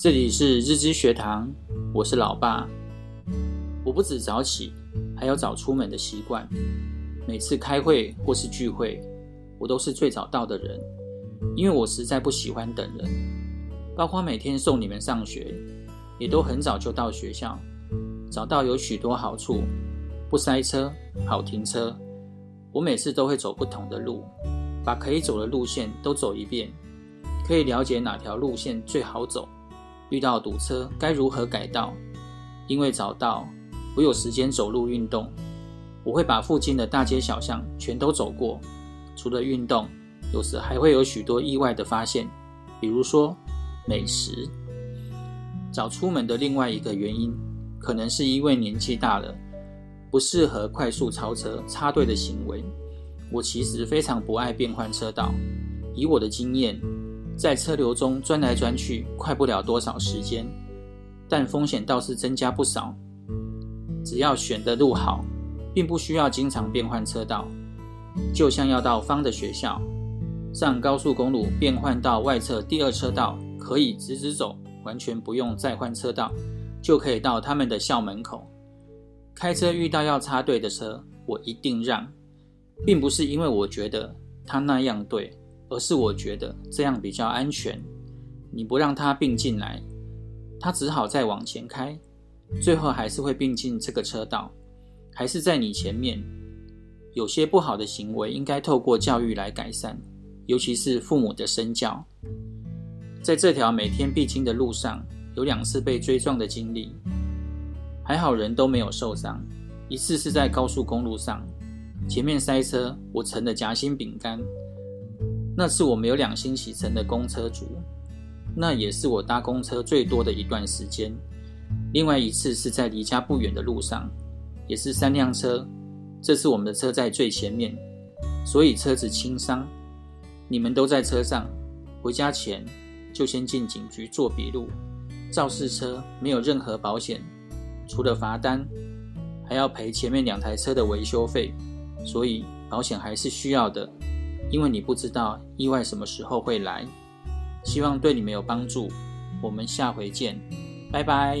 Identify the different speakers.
Speaker 1: 這裡是日知學堂，我是老爸。我不只早起，還有早出門的習慣。每次開會或是聚會，我都是最早到的人，因為我實在不喜歡等人。包括每天送你們上學，也都很早就到學校。早到有許多好處，不塞車，好停車。我每次都會走不同的路，把可以走的路線都走一遍，可以了解哪條路線最好走。遇到堵車該如何改道？因為早到，我有時間走路運動。我會把附近的大街小巷全都走過。除了運動，有時還會有許多意外的發現，比如說美食。早出門的另外一個原因，可能是因為年紀大了，不適合快速超車、插隊的行為。我其實非常不愛變換車道，以我的經驗。在車流中鑽來鑽去，快不了多少時間，但風險倒是增加不少。只要選的路好，並不需要經常變換車道。就像要到方的學校，上高速公路變換到外側第二車道，可以直直走，完全不用再換車道，就可以到他們的校門口。開車遇到要插隊的車，我一定讓，並不是因為我覺得他那樣對。而是我覺得這樣比較安全，你不讓他並進來，他只好再往前開，最後還是會並進這個車道，還是在你前面。有些不好的行為應該透過教育來改善，尤其是父母的身教。在這條每天必經的路上，有兩次被追撞的經歷，還好人都沒有受傷。一次是在高速公路上，前面塞車，我成了夾心餅乾。那次我們有兩星期成的公車族，那也是我搭公車最多的一段時間。另外一次是在離家不遠的路上，也是三輛車，這次我們的車在最前面，所以車子輕傷，你們都在車上，回家前就先進警局做筆錄。肇事車沒有任何保險，除了罰單，還要賠前面兩台車的維修費，所以保險還是需要的。因為你不知道意外什麼時候會來，希望對你們有幫助。我們下回見，拜拜。